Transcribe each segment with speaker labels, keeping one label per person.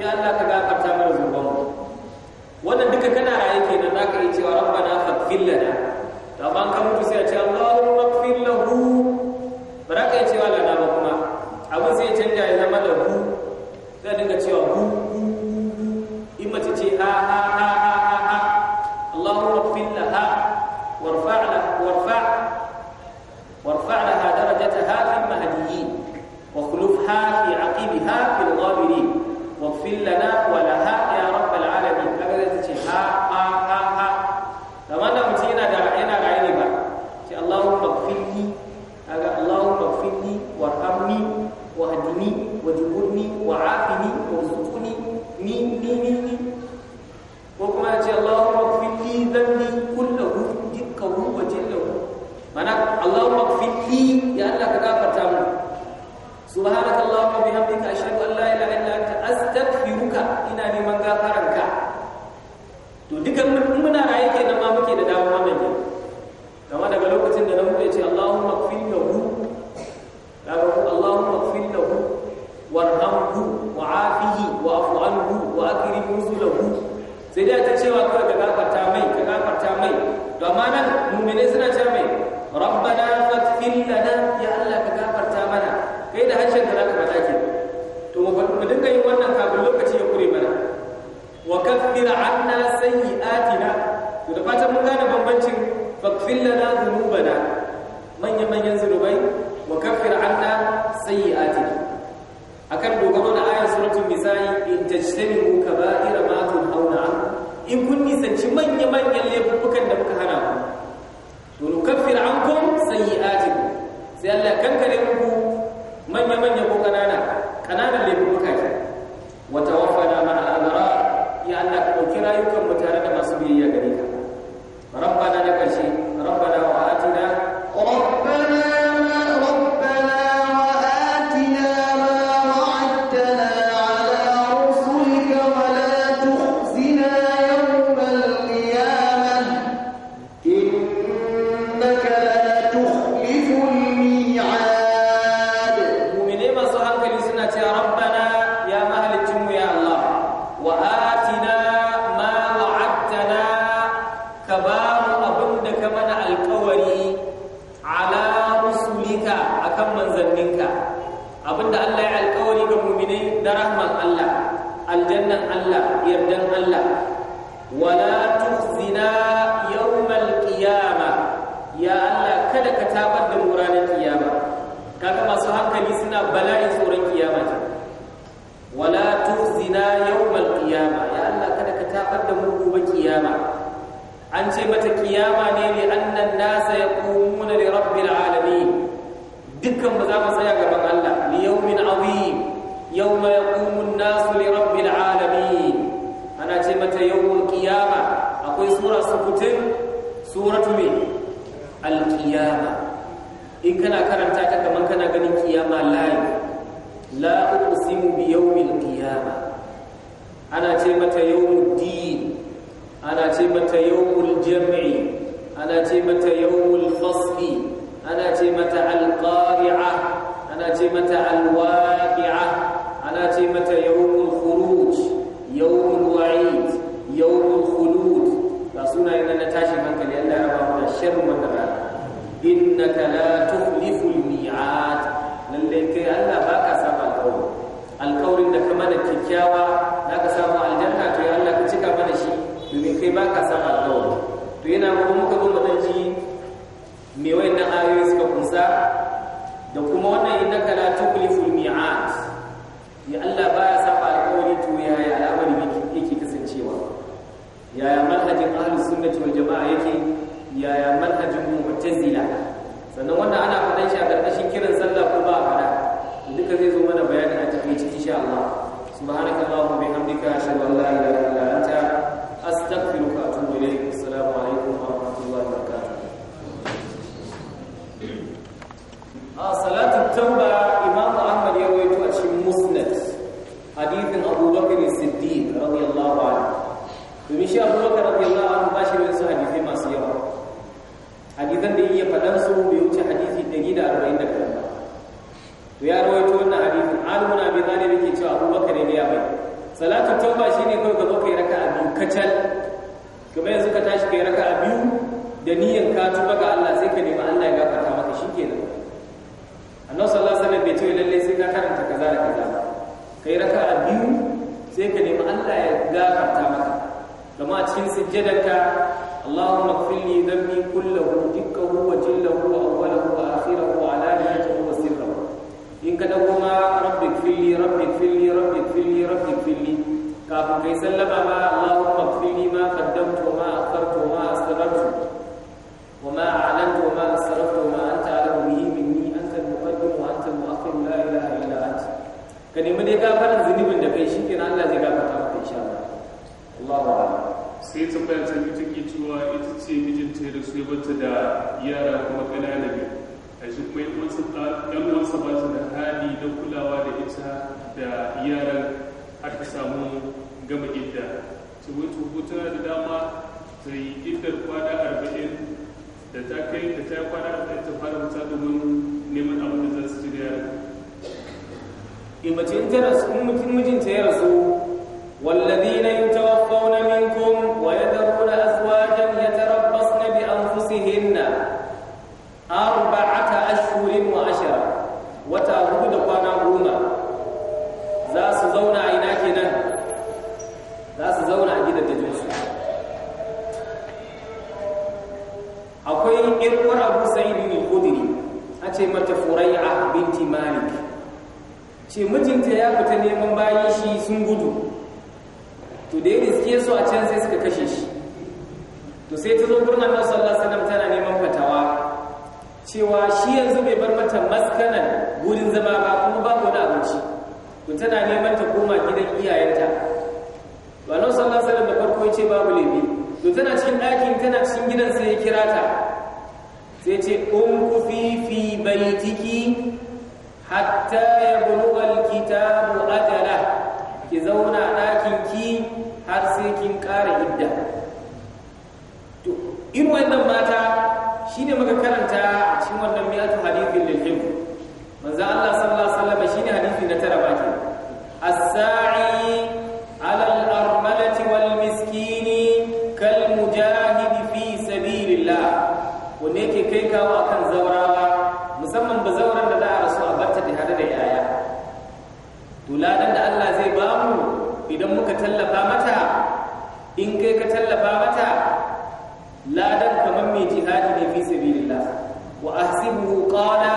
Speaker 1: ya Allah ka gafarta mana zuban mu wannan duka kana raye kenan zaka yi cewa rabbana faghfir lana to ban kan mutu sai a ce Allah Allah kankare muku manya-manya ko kanana kananan laifuka ke wata sunayen nan na tashi hankali Allah ya ba mu da sharrin wannan rana innaka la tukhliful mi'at lalle kai Allah baka saba alƙawari alƙawarin da ka mana kikkiawa zaka samu aljanna to ya Allah ka cika mana shi domin kai baka saba alƙawari to yana kuma muka zo mu ji me wayannan ayoyi suka kunsa da kuma wannan innaka la tukhliful mi'at ya Allah baya yaya manhajin ahlus sunnati wal jama'a yake yaya manhajin mu'tazila sannan wannan ana faɗan shi a ƙarƙashin kiran sallah ko ba a faɗa duka zai zo mana bayani a cikin ciki insha Allah subhanakallahumma bihamdika ashhadu an la ilaha illa anta astaghfiruka ka nemi dai gafaran zunubin da kai shi kenan Allah zai gafarta maka insha Allah Allahu akbar sai tambayar ta bi take cewa ita ce mijinta ya rasu ya da yara kuma ƙanana ne a shi kuma yan wasu ɗan wasu ba su da hali da kulawa da ita da yaran har ta samu gama idda ta wuce hutu da dama ta yi iddar kwana arba'in da ta kai da ta yi kwana arba'in ta fara wuta domin neman abin da za su ci da yaran in mace in mijinta ya rasu والذين يتوفون منكم ويذرون ce mijinta ya fita neman bayi shi sun gudu to da ya riske su a can sai suka kashe shi to sai ta zo gurin na sallallahu alaihi tana neman fatawa cewa shi yanzu bai bar mata maskanan gurin zama ba kuma ba da abinci to tana neman ta koma gidan iyayenta to na sallallahu alaihi da farko ya ce babu laifi to tana cikin ɗakin tana cikin gidan sai ya kira ta sai ce um fi fi baitiki hatta ya bulugal kitabu ajala ki zauna ɗakin ki har sai kin ƙara idda to irin wannan mata shine muka karanta a cikin wannan mi'atu hadithin lil himr manzo Allah sallallahu alaihi wasallam shine hadisi na tara baki as-sa'i ala al-armalati wal miskini kal mujahidi fi sabilillah Wanne ke kai kawo akan zaura idan muka tallafa mata in kai ka tallafa mata ladan kamar mai jihadi ne fi sabilillah wa ahsibu qala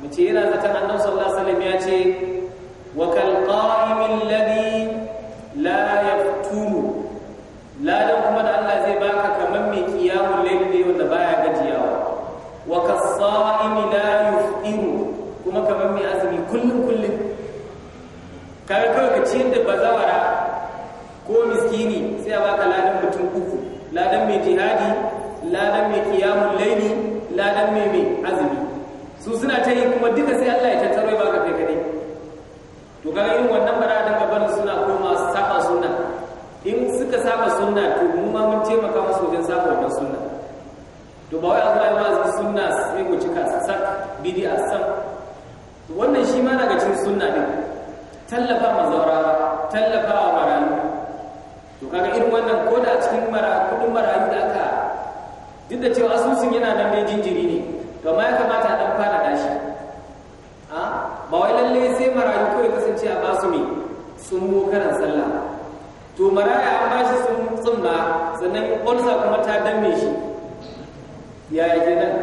Speaker 1: mace yana zaton annabi sallallahu alaihi wasallam ya ce wa kal ladan mai jihadi ladan mai kiyamun laili ladan mai mai azumi su suna ta yi kuma duka sai Allah ya tattaro ya baka kai kadai to ga irin wannan bara da gaban suna ko masu saba sunna in suka saba sunna to mu ma mun taimaka musu wajen saba wannan sunna to ba wai Allah ya ba su sunna sai ku cika sak bid'a sam wannan shi ma daga cikin sunna din tallafa mazaura tallafa wa marayu to kaga irin wannan ko da cikin mara kudin marayu da aka duk da cewa asusun yana nan mai jinjiri ne to amma ya kamata a dan fara dashi a ba wai lalle sai marayu kawai kasance a basu me sun mu karan sallah to maraya an bashi sun tsumma sannan ulsa kuma ta danne shi yaya nan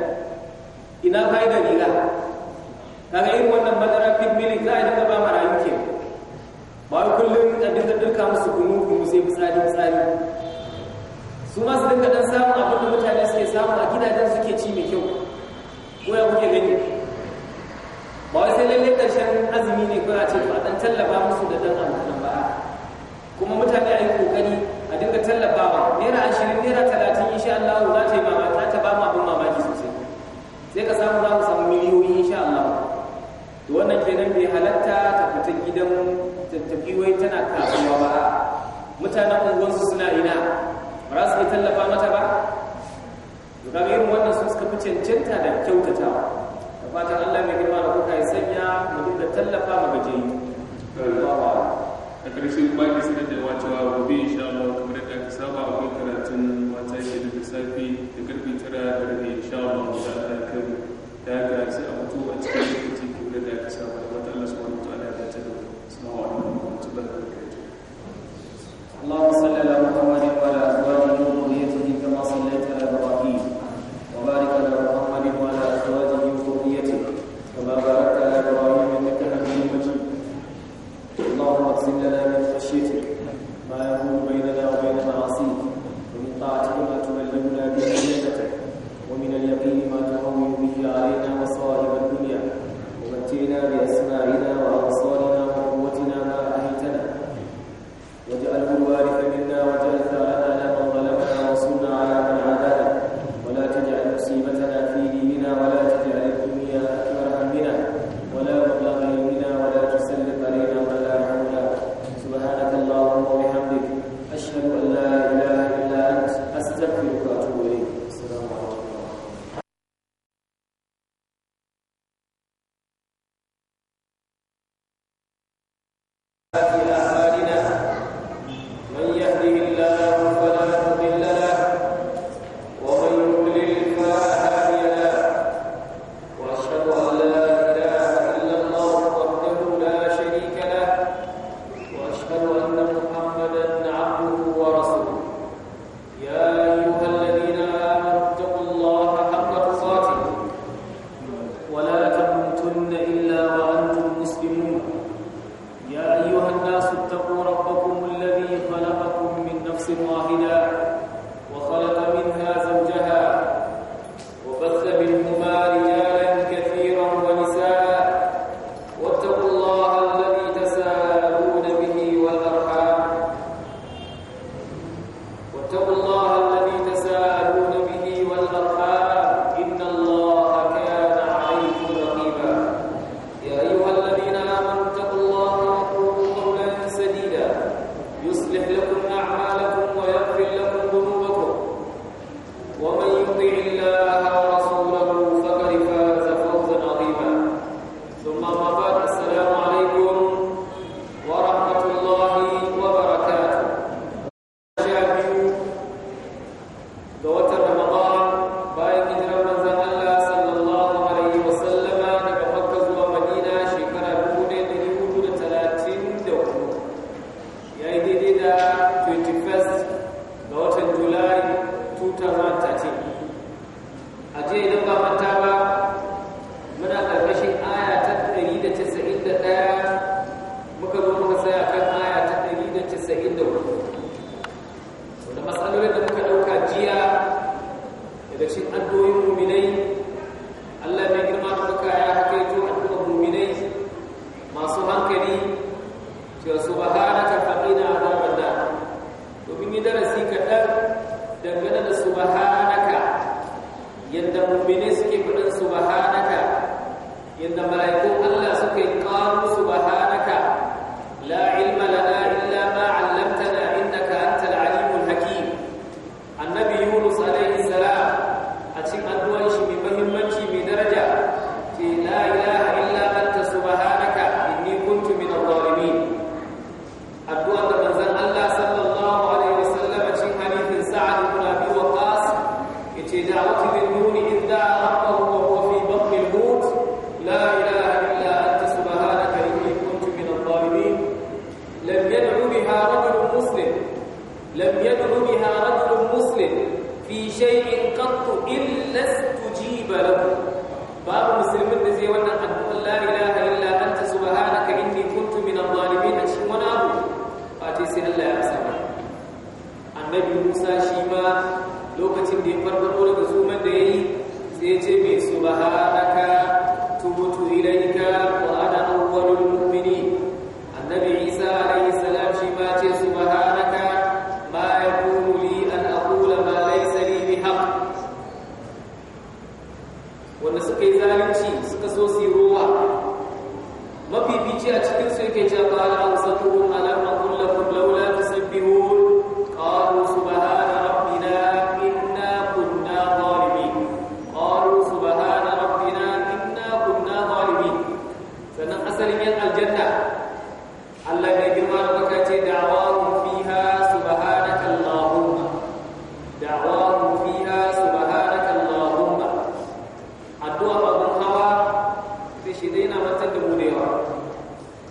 Speaker 1: ina fa'idar riga kaga irin wannan madara fit milk za a dinga ba marayu ke ba kullum a dinga duka musu kunu kunu sai fitsari fitsari su ma su dinga dan samun abin da mutane suke samu a gidajen suke ci mai kyau ko ya kuke gani ba wai sai lallai ƙarshen azumi ne ko a ce ba dan tallafa musu da dan abu cancanta da kyautatawa da fatan Allah mai girma da kuka yi sanya mu dinga tallafa mu gajiyi. Allah yi darasi kaɗan dangane da subhanaka
Speaker 2: yadda mummine suke faɗin subhanaka yadda mala'ikun Allah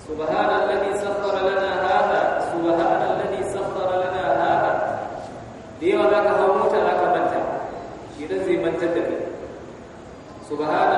Speaker 1: سبحان الذي سخر لنا هذا سبحان الذي سخر لنا هذا ديوا ذاك هو موتا ذاك منتا إذا زي منتا سبحان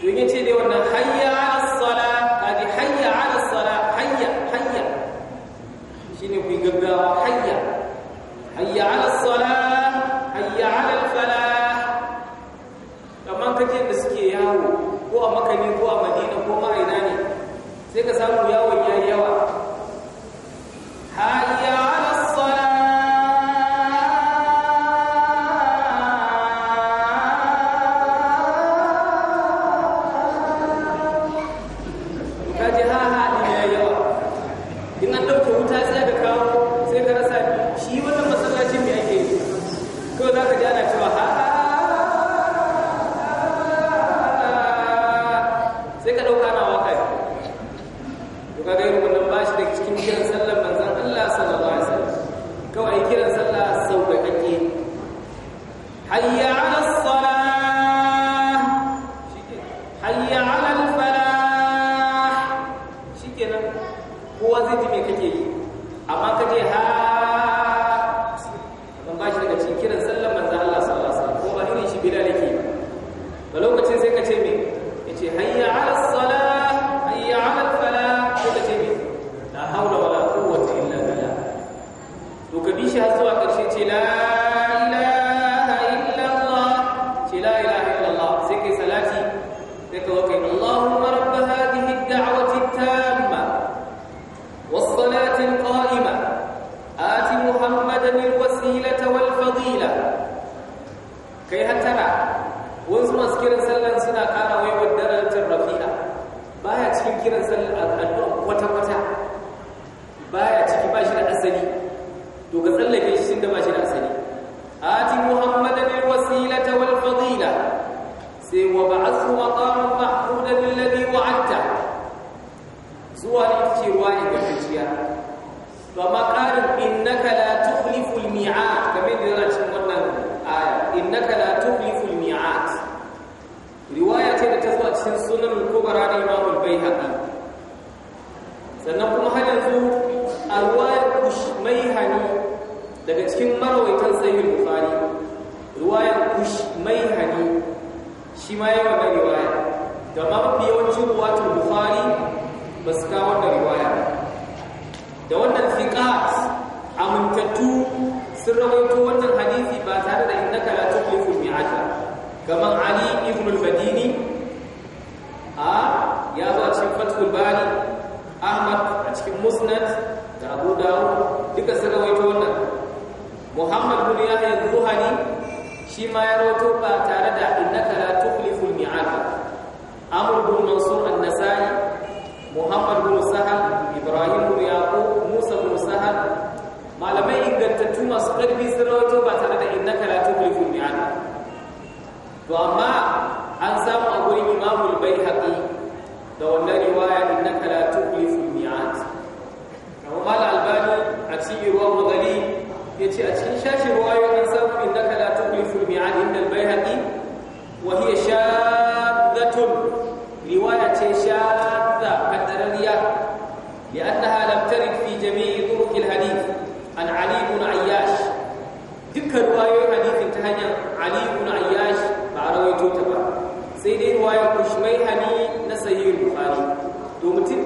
Speaker 1: to ce yace dai wannan hayya ala sala kaji hayya ala sala hayya hayya ne ku gaggawa hayya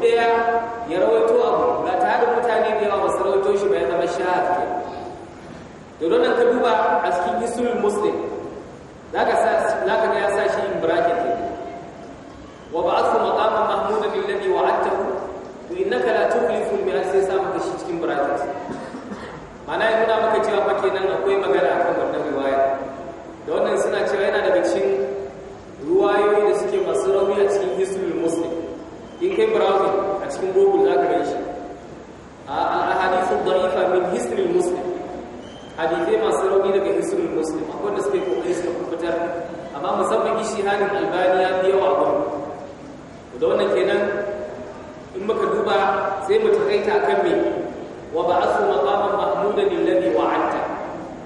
Speaker 1: daya ya rawaito abu ba tare mutane da yawa masu rawaito shi ba ya zama shahad ke to don ka duba a cikin isulun muslim za ka ga ya sa shi in bracket ne wa ba'athu maqaman wa alladhi wa'adtahu to innaka la tuklifu al sai sa maka shi cikin bracket mana ya nuna maka cewa fa kenan akwai magana akan wannan riwaya da wannan misalin albani ya fi yawa gwamna da wannan kenan in muka duba sai mu takaita kan me wa ba'athu maqaman mahmudan alladhi wa'adta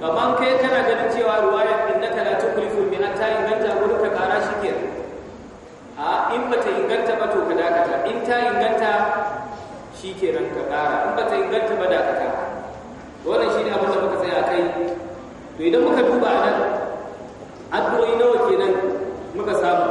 Speaker 1: kaman kai kana ganin cewa ruwayar innaka la tuklifu bi ta inganta gurin ka kara shi ke a in ba ta inganta ba to ka dakata in ta inganta shi ke ran ka kara in ba ta inganta ba dakata wannan ne abin da muka tsaya kai to idan muka duba nan muka samu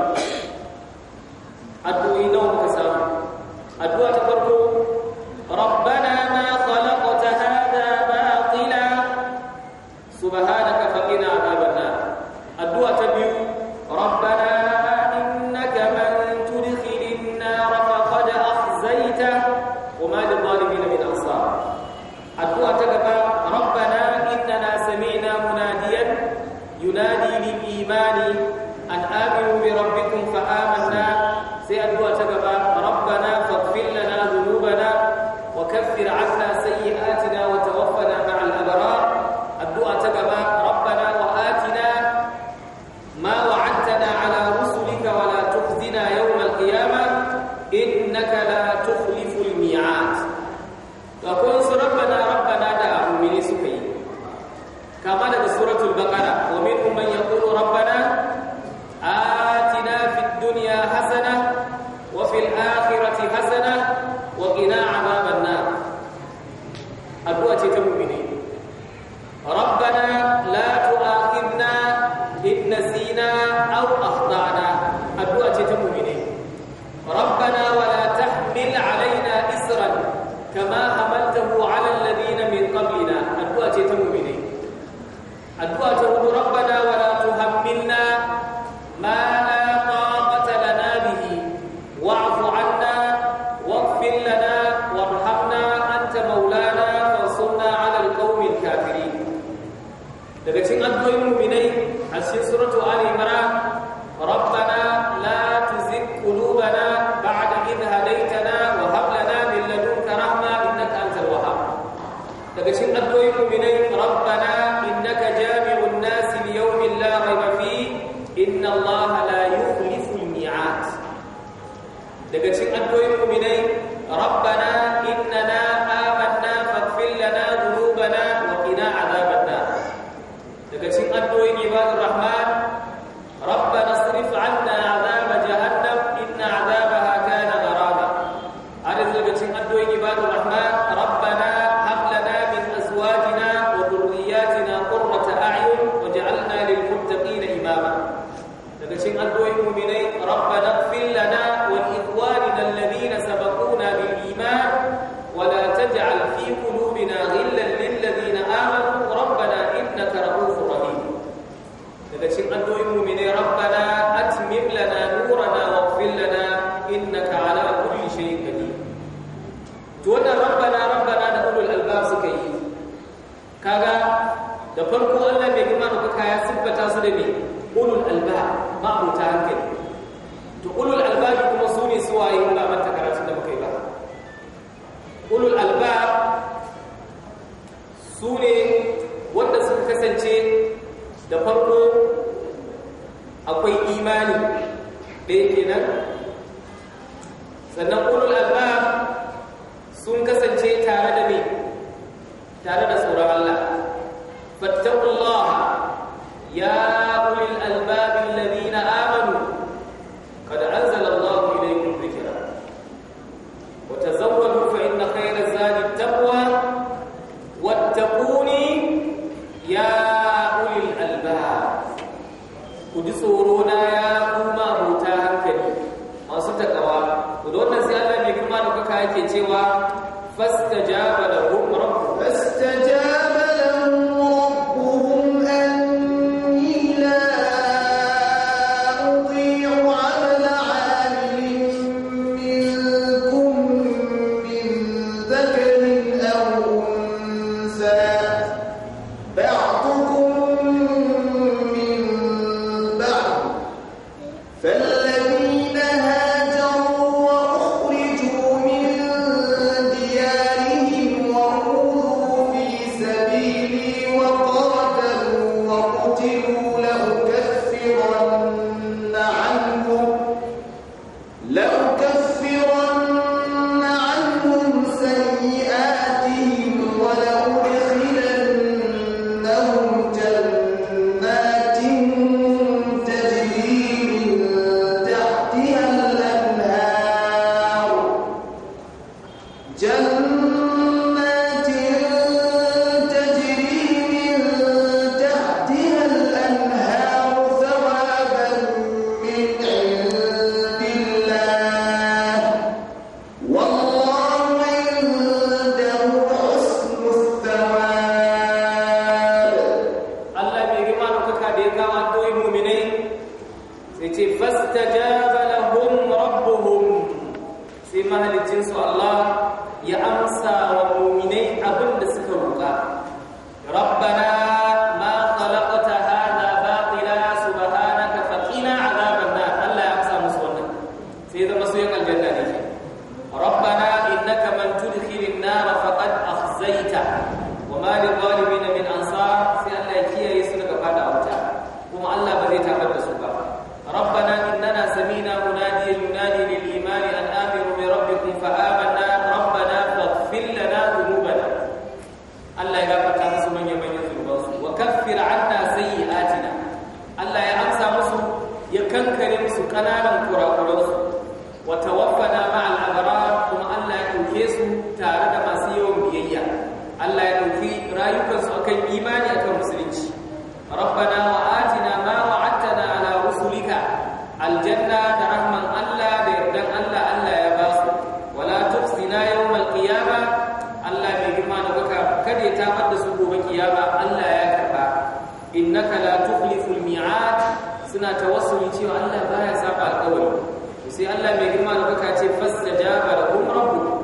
Speaker 1: sai Allah mai girma da baka ce fasta jaba da kuma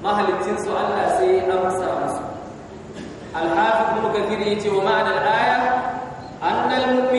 Speaker 1: mahalicin su Allah sai ya amsa musu alhafi kuma kafiri ya ce wa ma'anar aya annal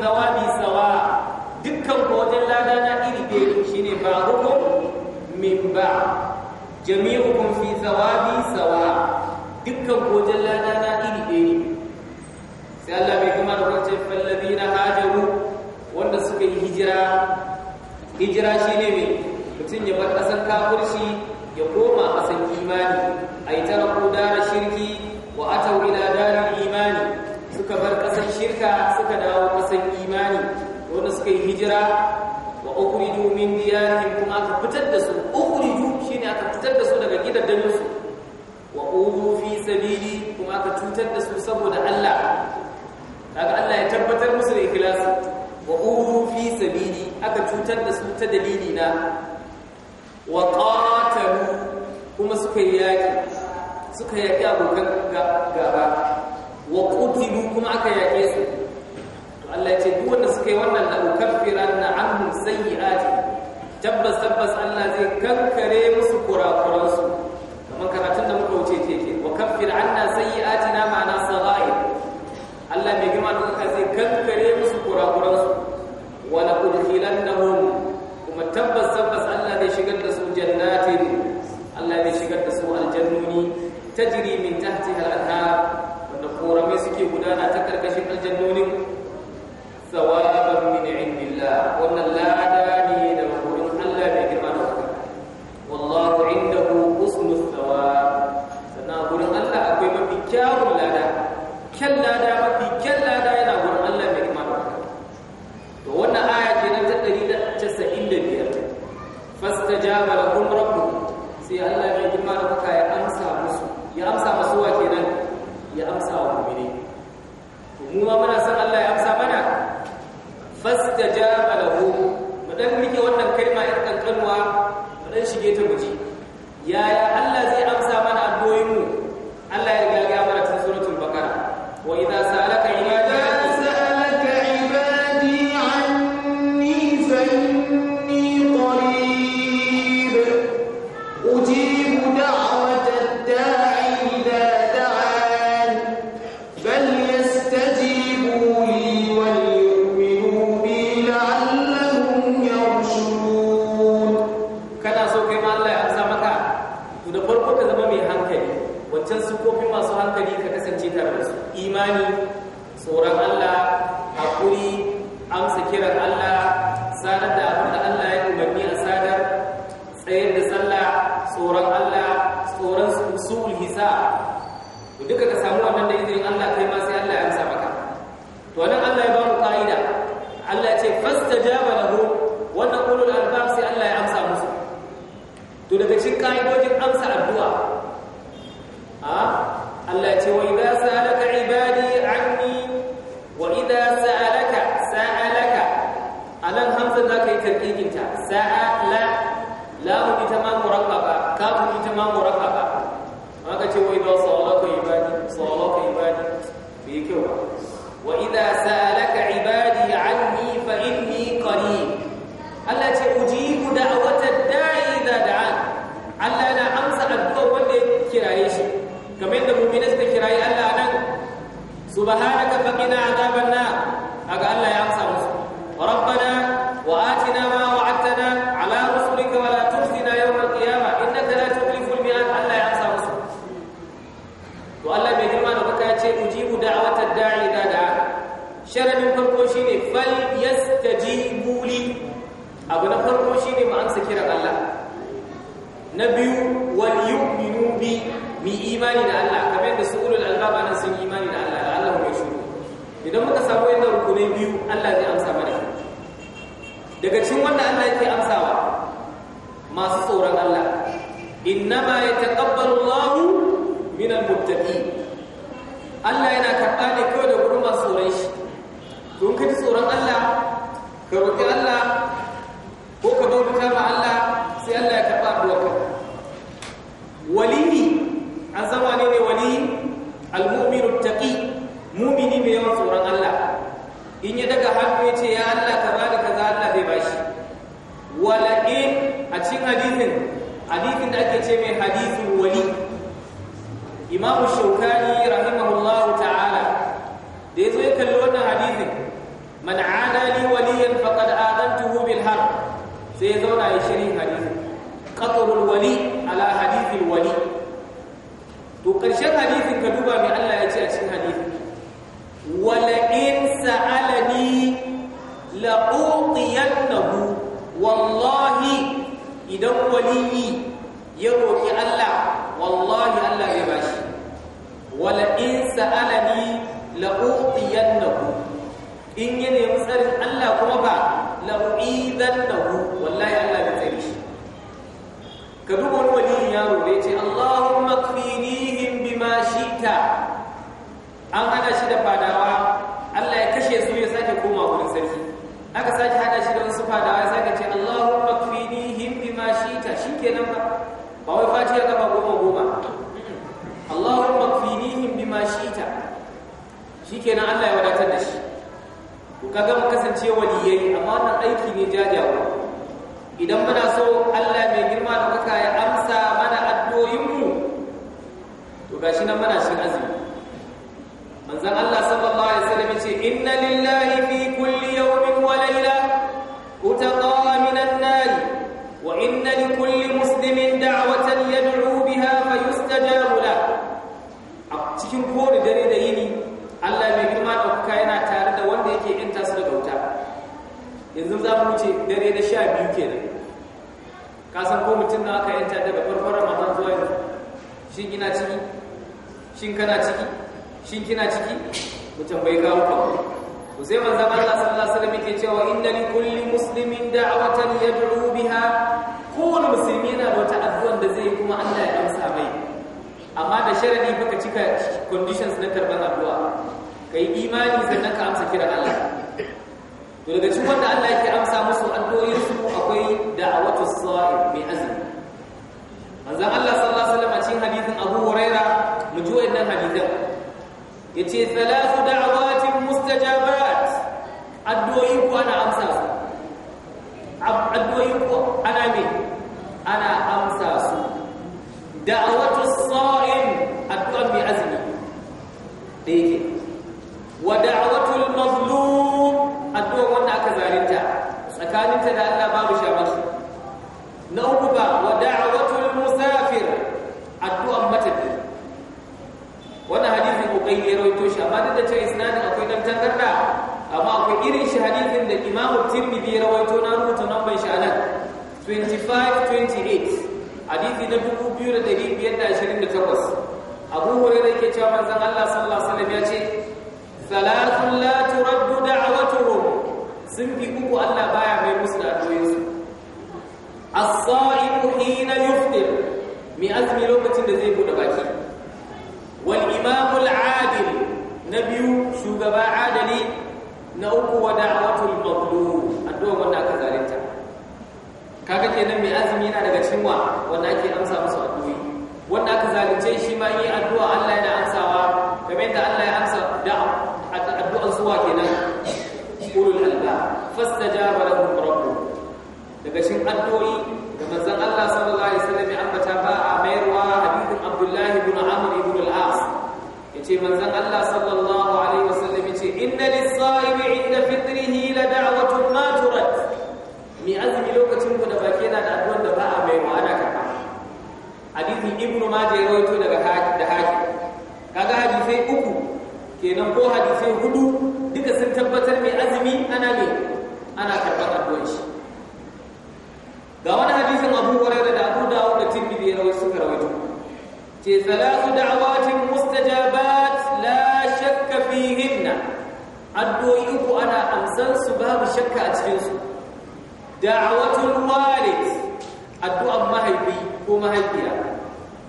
Speaker 1: thawabi sawa dukkan ku wajen lada na iri ɗaya shine ba'dukum min ba jami'ukum fi thawabi sawa dukkan ku wajen lada na iri ɗaya sai Allah mai kuma da kwanciyar fallabina hajaru wanda suka yi hijira hijira shine mai mutum ya bar ƙasar kafirci ya koma hijira wa ukhriju min diyarihim kuma aka fitar da su ukhriju shine aka fitar da su daga gidajen su wa udu fi sabili kuma aka cutar da su saboda Allah kaga Allah ya tabbatar musu da ikhlasi wa udu fi sabili aka cutar da su ta dalili na wa qatalu kuma suka yaki suka yaki abokan gaba wa qutilu kuma aka yake su Allah ya ce duk wanda suka yi wannan la ukaffiranna anhum sayyi'ati tabbas tabbas Allah zai kankare musu kurakuransu. kamar karatun da muka wuce ke wa kaffir anna na ma'ana sagha'ir Allah mai girma da kuka zai kankare musu kurakuran su wa la udkhilannahum kuma tabbas tabbas Allah zai shigar da su jannatin Allah zai shigar da su aljannuni tajri min tahtiha al-anhar wanda koramai suke gudana ta karkashin aljannonin ثوابا من عند الله قلنا ya ta muji yaya Allah ba nan sun imani da Allah da Allah mai shuru idan muka samu yadda rukunai biyu Allah zai amsa mana daga cikin wanda Allah yake amsawa masu tsoron Allah inna innama yataqabbalu Allahu min al-muttaqin Allah yana karɓa ne kawai da gurin masu tsoron shi don kaji tsoron Allah ka roƙi Allah da ake ce mai hadithul wali imamu shaukani rahimahullahu ta'ala da yazo ya kalli wannan hadithin man ada li waliyan faqad adantuhu bil har, sai ya zauna ya shirin hadithin qatrul wali ala hadithil wali to karshen hadithin ka duba mai Allah ya ce a cikin hadithin wala in sa'alani la utiyannahu wallahi idan waliyi ya roƙi Allah wallahi Allah ya bashi wala in sa'alani la u'tiyannahu in ya nemi tsarin Allah kuma ba la u'idannahu wallahi Allah ya tsare shi ka duba wani waliyin yaro da ce Allahumma kfinihim bima shi'ta an hada shi da fadawa ya kama
Speaker 2: goma goma Allahumma
Speaker 1: kfinihim bima shita shikenan Allah ya wadatar da shi ku kaga mu kasance waliyai amma wannan aiki ne jajawa idan muna so Allah mai girma da kuka ya amsa mana addu'o'in mu to gashi nan muna shin azumi manzon Allah ina ciki shin kana ciki shin kina ciki mu tambayi kawo kawo ku sai manzon Allah sallallahu alaihi wasallam yake cewa inna li kulli muslimin da'watan yad'u biha kowane musulmi yana da wata addu'ar da zai kuma Allah ya amsa mai amma da sharadi baka cika conditions na karban addu'a kai imani sannan ka amsa kiran Allah to daga cikin wanda Allah yake amsa musu addu'o'in su akwai da'watus sa'i mai azumi manzon Allah sallallahu alaihi wasallam cikin hadisin Abu Huraira mu ji wannan hadisin yace thalathu da'awatin mustajabat addu'o'i ku ana amsa su addu'o'i ku ana me ana amsa su da'awatu as-sa'im addu'a bi azmi da yake wa da'awatu al-mazlum addu'a wanda aka zalunta tsakaninta da Allah babu shamar na uku ba shi amma duk da ta isnadin akwai dan tangarda amma akwai irin shi hadisin da Imam Tirmidhi ya rawaito na rubuta namban shi anan 2528 hadisi na 2528 Abu Hurairah yake cewa manzon Allah sallallahu alaihi wasallam ya ce salatun la turaddu da'watuhum sun fi uku Allah baya mai musu da su as-sa'imu hina yuftir mi azmi lokacin da zai bude baki shugaba adali na uku wa da'watul mazlum addu'a wanda aka zarinta kaga kenan mai azumi yana daga cikin wa wanda ake amsa musu addu'o'i wanda aka zalunce shi ma yi addu'a Allah yana amsawa kamar yadda Allah ya amsa da'a addu'an suwa kenan ulul alba fastajaba lahum rabbuhum daga cikin addu'o'i da manzon Allah sallallahu alaihi wasallam ya ambata ba a mayarwa hadithin Abdullah ibn Amr ibn al-As yace manzon Allah sallallahu إن للصائم عند فطره لدعوة ما ترد مي أزمي كنا فاكينا لأدوان دباء ميمو أنا كما حديث ابن ماجه يرويتو دهاكي kaga hadisai uku kenan ko hadisai hudu duka sun tabbatar mai azumi ana mai ana karɓar addu'ar shi
Speaker 2: ga wani hadisin Abu Hurairah da Abu Dawud da
Speaker 1: Tirmidhi ya rawaito suka rawaito salatu addu'o'i uku ana amsan su babu shakka a cikin su da'awatul walid addu'a mahaifi ko mahaifiya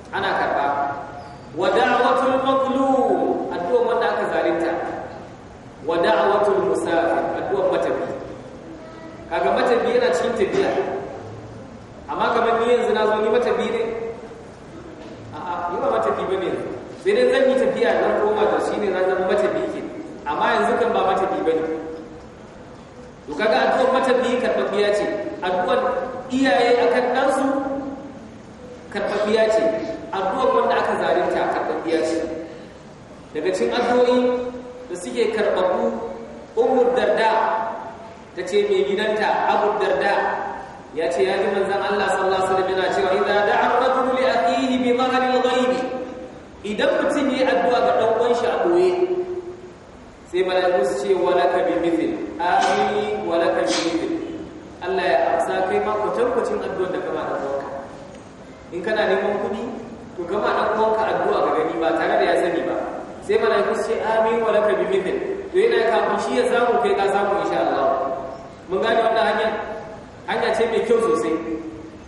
Speaker 1: ana karba wa da'awatul mazlum addu'a wanda aka zalunta wa da'awatul musafir addu'a matafi kaga matafi yana cikin tafiya amma kamar ni yanzu na zo ni matafi ne a'a ni ba matafi bane sai dai zan yi tafiya na koma shi ne na zama matafi ke amma yanzu kan ba bi bane to kaga addu'ar matafi karfafiya ce addu'ar iyaye akan ɗansu karfafiya ce addu'ar wanda aka zalunta karfafiya ce daga cikin addu'o'i da suke karbabu ummu darda ta ce mai gidanta abu darda ya ce ya ji manzan Allah sallallahu alaihi wasallam yana cewa idan da'a rajulu li akhihi bi dhahril ghaibi idan mutum yi addu'a ga dan uwan shi a boye sai mala'iku su ce walaka bi mithl wa walaka bi mithl Allah ya amsa kai ma cin addu'a da kama da uwanka in kana neman kudi to kama da uwanka addu'a ga gani ba tare da ya sani ba sai mala'iku su ce amin walaka bi mithl to yana kafin shi ya samu kai ka samu insha Allah mun gane wannan hanya hanya ce mai kyau sosai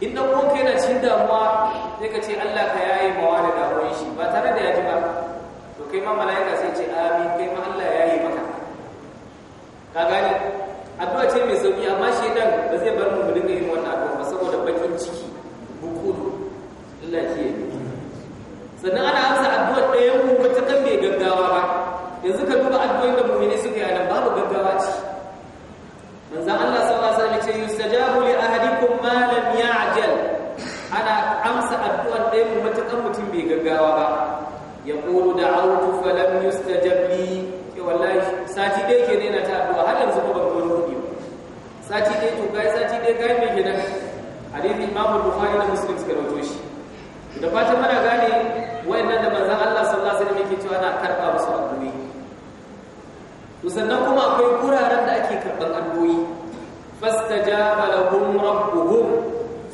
Speaker 1: in dan uwanka yana cikin damuwa sai ka ce Allah ka yaye mawa da damuwar shi ba tare da ya ji ba kai ma mala'ika sai ce amin kai ma Allah ya yi maka
Speaker 2: ka gani addu'a ce mai sauki amma
Speaker 1: shi dan ba zai bar mu mu dinga yin wannan addu'a ba saboda bakin ciki bukulu Allah ke yi sannan ana amsa addu'a ɗaya ku ta kan mai gaggawa ba yanzu ka duba addu'a da ne suka yi nan babu gaggawa ce manzo Allah sallallahu alaihi wasallam ya ce yustajabu li ahadikum ma lam ya'jal ana amsa addu'ar ɗaya ta matakan mutum bai gaggawa ba da da'awtu falam yustajab li ke wallahi sati dai ke ne na ta addu'a har yanzu ko ban wani kudi sati dai to kai sati dai kai me kenan hadisi Imam Bukhari da Muslim suka rawaito shi da fatan mana gane wayannan da manzon Allah sallallahu alaihi wasallam yake cewa ana karba musu addu'o'i to sannan kuma akwai guraren da ake karban addu'o'i fastajaba lahum rabbuhum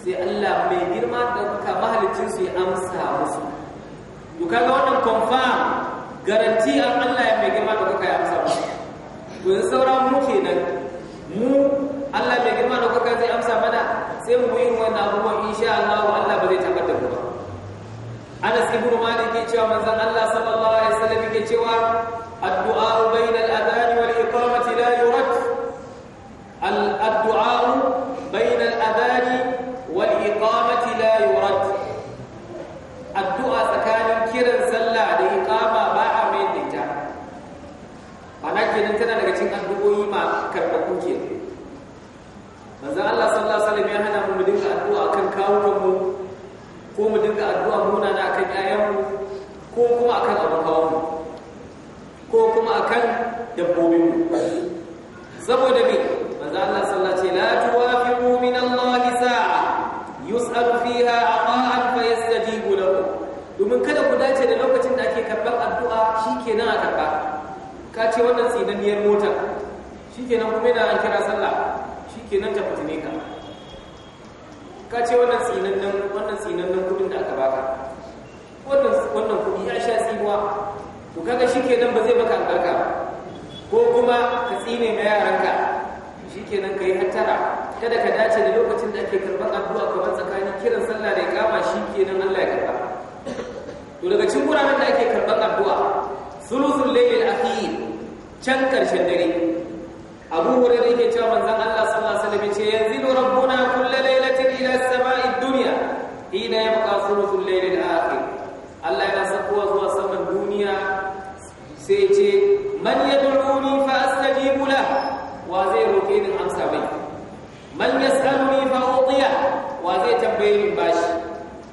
Speaker 1: sai Allah mai girma da kamalicin su ya amsa musu to kaga wannan confirm garanti an Allah ya mai girma da kuka ya amsa mu to yanzu sauran mu kenan mu Allah mai girma da kuka zai amsa mana sai mu yi wannan abubuwan insha Allah Allah ba zai tabbata da ku ba Anas ibn Malik ce cewa manzon Allah sallallahu alaihi wasallam ke cewa ko kuma akan abin hawanmu ko kuma akan dabbobinmu saboda bi manzo Allah sallallahu alaihi la tuwafiqu min Allah sa'a yus'al fiha aqa'an yastajibu lahu domin kada ku dace da lokacin da ake karban addu'a shikenan a karba ka ce wannan tsinanniyar mota shikenan kuma yana an kira sallah shikenan ta fitine ka ka ce wannan tsinannen wannan tsinannen kudin da aka baka wannan wannan kuɗi ya sha tsinuwa to kaga shikenan ba zai maka albarka ko kuma ka tsine ma yaranka shikenan yi hattara kada ka dace da lokacin da ake karɓar addu'a kamar tsakanin kiran sallah da ya ikama shikenan Allah ya karɓa to daga cikin guraren da ake karɓar addu'a sulusul layl akhir can karshen dare abu hurairah yake cewa manzon Allah sallallahu alaihi wasallam ce yanzu rabbuna kullal laylatin ila as-sama'i ad-dunya hina yabqa sulusul layl man yas'aluni fa u'tiya wa zai tambaye min bashi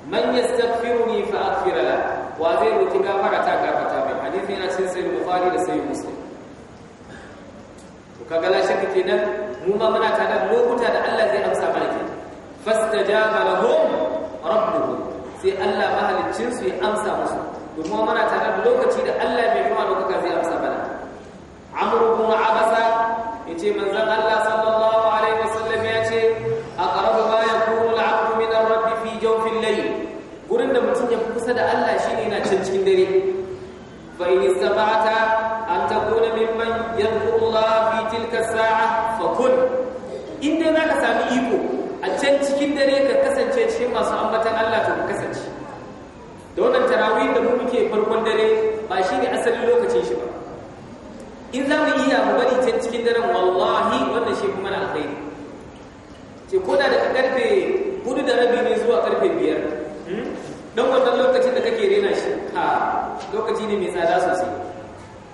Speaker 1: man yastaghfiruni fa aghfir la wa zai roki gafara ta gafarta mai hadisi yana cikin sahih bukhari da sahih muslim to kaga la shakka nan, mu ma muna tada lokuta da Allah zai amsa mana kenan fastajaba lahum rabbuhum sai Allah mahaliccin su ya amsa musu kuma muna ta da lokaci da Allah mai kuma da kuka zai amsa mana amru kuma abasa yace manzon Allah masu ambatan Allah to kasance da wannan tarawih da mu muke farkon dare ba shi ne asalin lokacin shi ba in za mu iya mu bari can cikin daren wallahi wannan shi kuma na alkhairi ce ko da daga karfe hudu da rabi ne zuwa karfe biyar hmm? don wannan lokacin da kake rena shi ha lokaci ne mai tsada sosai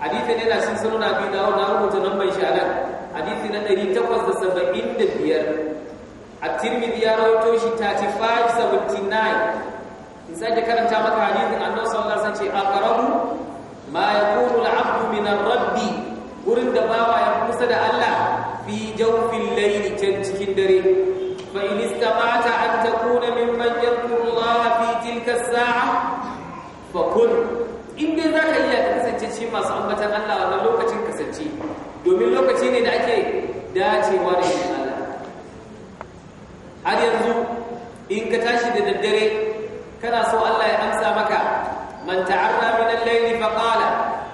Speaker 1: ne yana sun sanuna biyu da na rubuta nan na shi a nan hadithi na biyar. at-tirmidhi ya rawaito shi 3579 in sai karanta maka hadisin annabi sallallahu alaihi wasallam ce aqrabu ma yakunu al-'abdu min ar-rabbi wurin da bawa ya kusa da Allah fi jawfil layli cikin dare fa in istata'ta an takuna mimman yadhkuru Allah fi tilka as-sa'a fa kun in dai zaka iya kasance cikin masu ambatan Allah wannan lokacin kasance domin lokaci ne da ake dacewa da shi har yanzu in ka tashi da daddare kana so Allah ya amsa maka man ta'arra min al-layli fa qala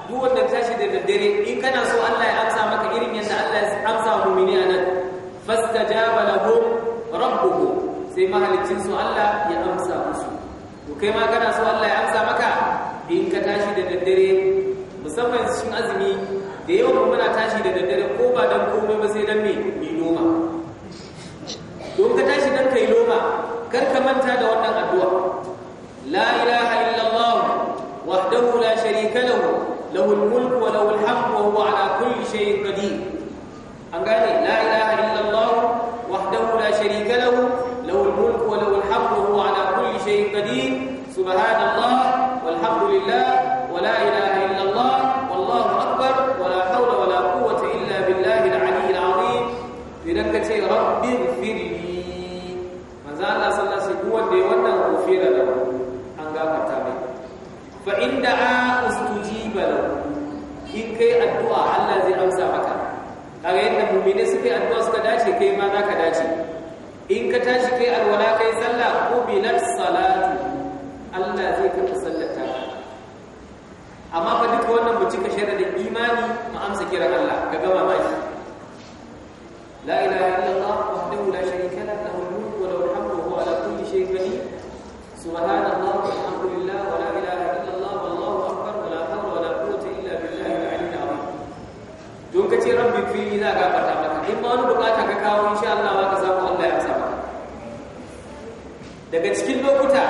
Speaker 1: duk wanda tashi da daddare in kana so Allah ya amsa maka irin yadda Allah ya amsa mu'mini anan fastajaba lahum rabbuhum sai mahalicin su Allah ya amsa musu to kai ma kana so Allah ya amsa maka in ka tashi da daddare musamman cikin azumi da yawan muna tashi da daddare ko ba dan komai ba sai dan me ni noma don ka tashi kar ka manta da wannan addu'a la ilaha illallah wahdahu la sharika lahu lahul mulku kai addu'a Allah zai amsa maka kaga yadda mu'mini suka yi addu'a suka dace kai ma zaka dace in ka tashi kai alwala kai sallah ko bilal salatu Allah zai karɓi sallata amma fa duk wannan mu cika sharadin imani mu amsa kiran Allah ka gama maki la ilaha illallah wahdahu la sharika lahu lahu al-mulku wa lahu al-hamdu wa huwa ala kulli shay'in qadir subhanallahi walhamdulillah min fili za a gafarta maka in ma wani bukata ka kawo insha Allah ba ka samu Allah ya amsa maka daga cikin lokuta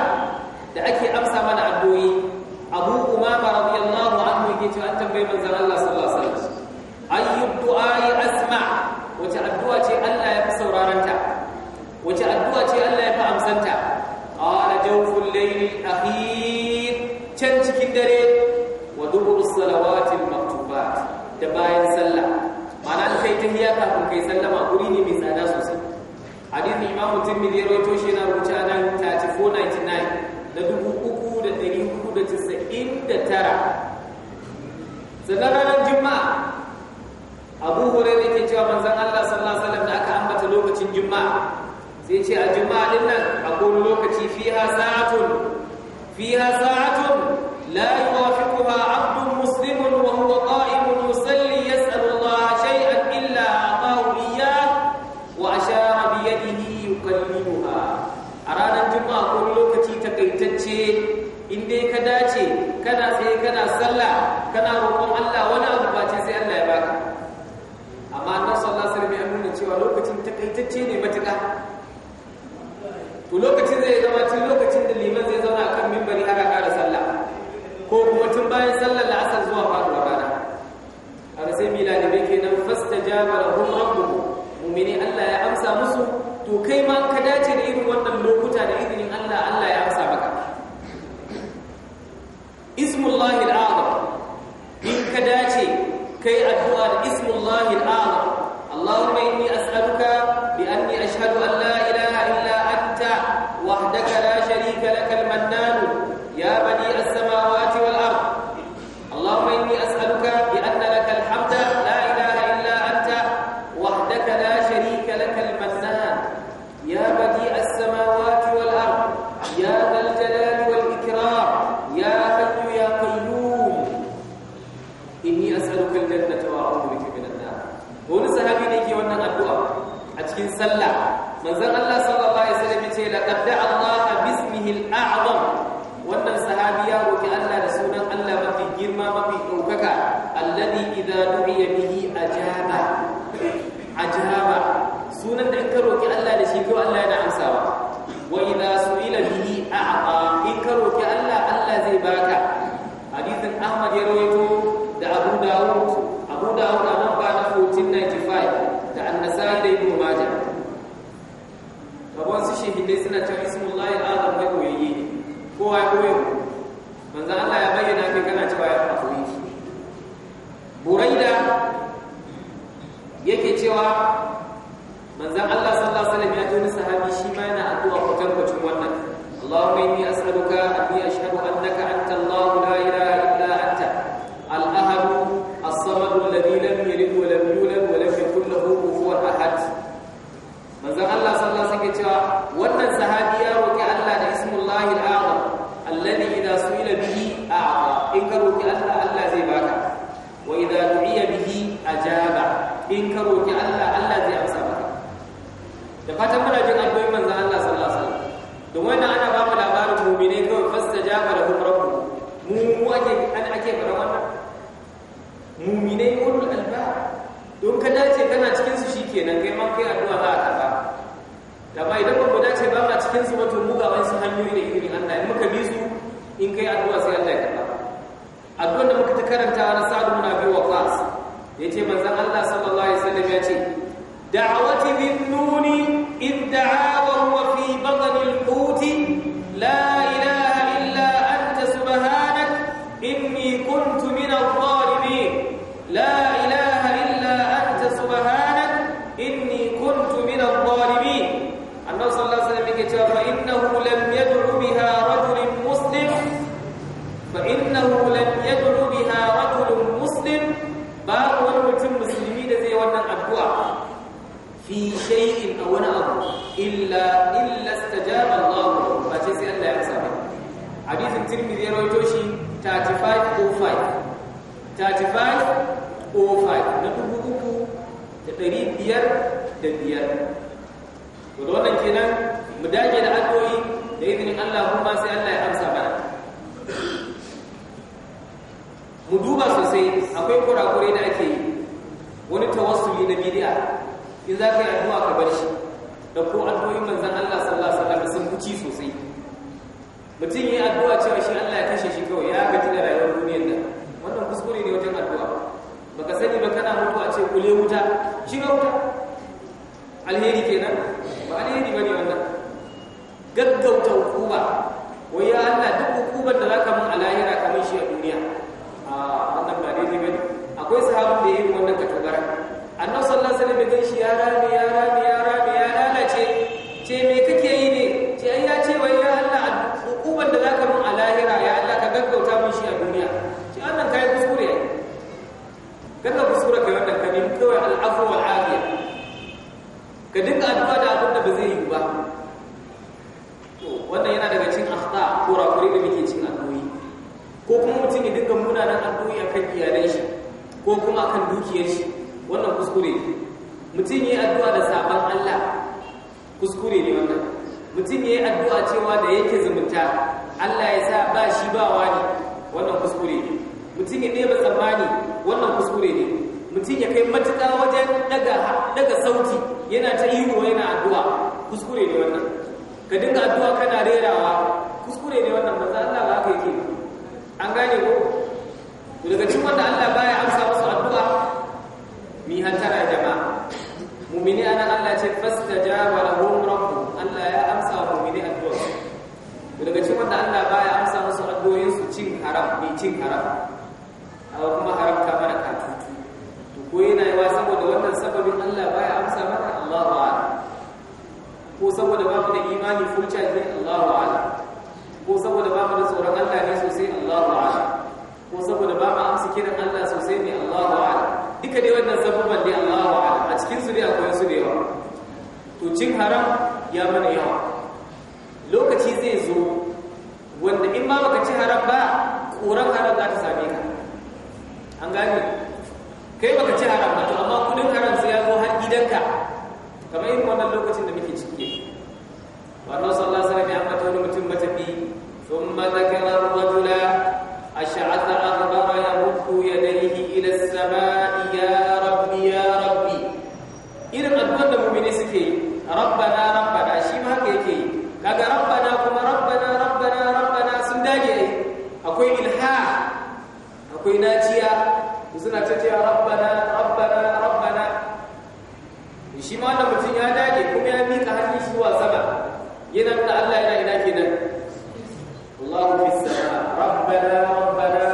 Speaker 1: da ake amsa mana addu'o'i Abu Umama radiyallahu anhu yake cewa an tambayi manzon Allah sallallahu alaihi wasallam ayyu du'a asma wace addu'a ce Allah ya fi sauraron ta wace addu'a ce Allah ya fi amsanta qala jawful layli akhir can cikin dare wa dubu salawatil maktubat da kafin kai sallama guri ne mai tsada sosai hadisin imamu tirmidhi ya rawaito shi yana rubuta nan 3499 da 3399 sannan ranar juma'a abu hore ne ke cewa manzon Allah sallallahu alaihi wasallam da aka ambata lokacin juma'a sai ce a juma'a din nan akwai lokaci fiha sa'atun fiha sa'atun biyar da biyar to da wannan kenan mu dage da addu'o'i da izinin Allah kuma sai Allah ya amsa mana mu duba sosai akwai kurakure da ake yi wani tawassuli na bid'a in za ka yi addu'a ka bar shi da ko addu'o'i manzon Allah sallallahu alaihi wasallam sun kuci sosai mutum yi addu'a cewa shi Allah ya kashe shi kawai ya gaji da rayuwar duniyar nan wannan kuskure ne wajen addu'a baka sani ba kana mutuwa ce kule wuta ciro alheri kenan yayi addu'a cewa da yake zumunta Allah ya sa ba shi ba wani wannan kuskure ne mutum ya nema tsammani wannan kuskure ne mutum ya kai matuƙa wajen daga sauti yana ta ihu yana addu'a kuskure ne wannan ka dinga addu'a kana rerawa kuskure ne wannan manzo Allah ba haka yake an gane ko daga cikin wanda Allah baya amsa musu addu'a mi hantara jama'a mu'mini ana Allah ce fastajaba daga cikin wanda Allah baya amsa musu addu'o'in su cin haram bi cin haram amma kuma haram ka mana tutu to ko yana yawa saboda wannan sababin Allah baya amsa maka Allahu a'lam ko saboda babu da imani fulca ne Allahu a'lam ko saboda babu da tsoron Allah ne sosai Allahu a'lam ko saboda ba ma amsa kiran Allah sosai ne Allahu a'lam duka dai wannan sababan dai Allahu a'lam a cikin su dai akwai su da yawa to cin haram ya mana yawa lokaci zai zo wanda in ba baka ci haram ba koran haram za ta same ka an gane kai baka ci haram ba to amma kudin haram sai ya zo har gidanka kamar irin wannan lokacin da muke ciki wannan sallallahu alaihi wasallam ya ambata mutum matafi
Speaker 2: thumma zakara rajula ash'atha aghbara yamuddu yadayhi ila as ya rabbi ya rabbi
Speaker 1: irin addu'ar da mu'mini suke rabbana akwai naciya da suna ta ce rabbana rabbana rabbana shi ma wannan mutum ya dage kuma ya mika hannun shi zuwa sama yana da Allah yana ina kenan Allahu fis sama rabbana rabbana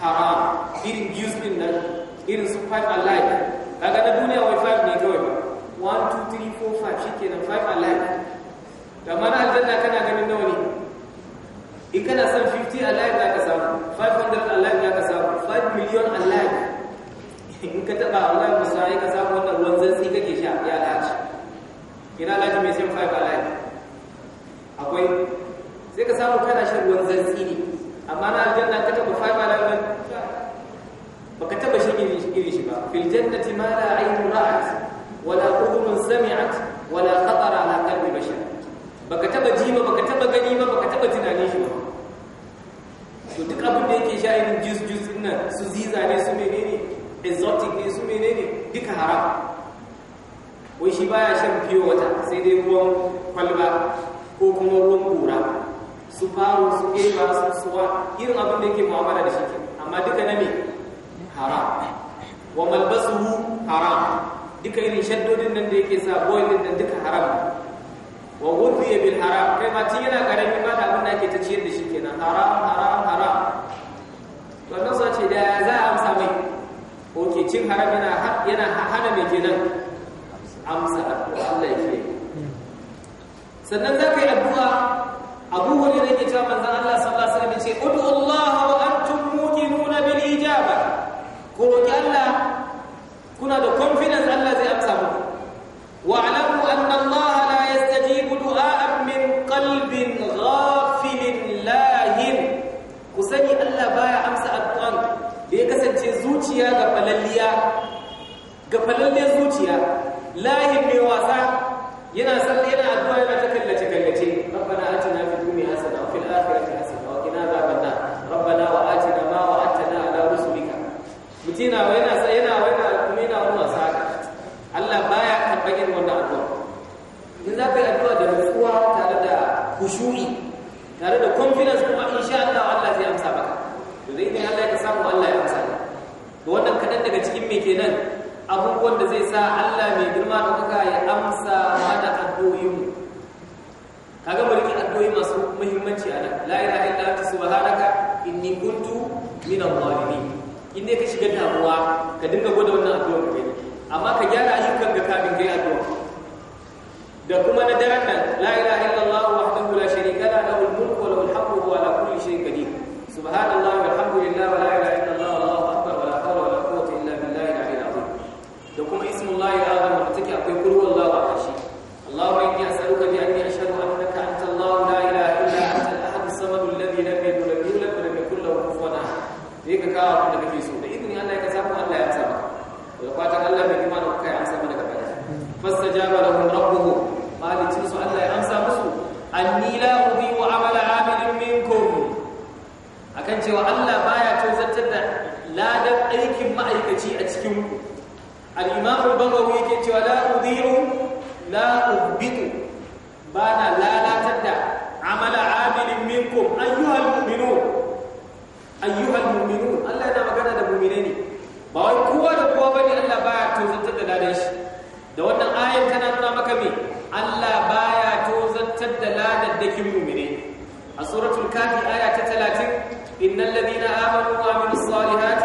Speaker 1: haram irin juice din nan irin su five alive kaga na duniya wai five ne kawai 1 2 3 4 5 alive da mana aljanna kana ganin nawa ne in kana son 50 alive za ka samu 500 alive za ka samu 5 million alive in ka taba Allah musa ka samu wannan ruwan zantsi kake sha ya alhaji ina alhaji mai shan 5 alive akwai sai ka samu kana shan ruwan zantsi ne amma na aljanna ka taba 5 alive baka taba shi irin shi ba fil jannati ma la ra'at wala سمعت ولا خطر على قلب بشر baka taba ji ba baka taba gani ba baka taba tunanin shi ba to duk abin da yake sha irin juice juice din nan su ziza ne su menene exotic ne su menene duka haram wai shi baya shan fiye wata sai dai ruwan kwalba ko kuma ruwan kura su faru su geba su suwa irin abin da yake mu'amala da shi amma duka na me haram wa malbasuhu haram duka irin shaddodin nan da yake sa boy nan duka haram wa ghudhiya bil haram kai ma tun yana karami ma da abin da ake ta ciyar da shi kenan haram haram haram to nan sa ce da ya za a amsa mai oke cin haram yana yana hana mai kenan amsa Allah ya kiyaye sannan za ka yi addu'a abu wani da ke cewa manzan Allah sallallahu alaihi wasallam ya ce ud'u Allah wa antum muqinuna bil ijaba ko roki Allah kuna da confidence Allah zai amsa muku wa alamu anna Allah la yastajibu du'a'an min qalbin ghafilin lahin ku sani Allah baya amsa addu'an da ya kasance zuciya ga falalliya ga falalliyar zuciya lahin mai wasa yana sa
Speaker 2: confidence kuma insha Allah amsa
Speaker 1: samu Allah ya amsa wannan kadan daga cikin me kenan abubuwan da zai sa Allah mai girma da ya amsa mana addu'o'in kaga mu addu'o'i masu muhimmanci a nan la ilaha illa anta subhanaka inni ka shiga damuwa ka dinga gwada wannan addu'a amma ka gyara ayyukan ka kafin kai addu'a da kuma na daren nan uhbitu bana lalatar da amala amilin minkum ayyuhal mu'minun ayyuhal mu'minun Allah yana magana da mu'mine ne ba wai kowa da kowa bane Allah baya tozantar da ladan shi da wannan ayar tana nuna maka me Allah baya tozantar da ladan dakin mu'mine a suratul kafi aya ta 30 innal ladina amanu wa amilus salihati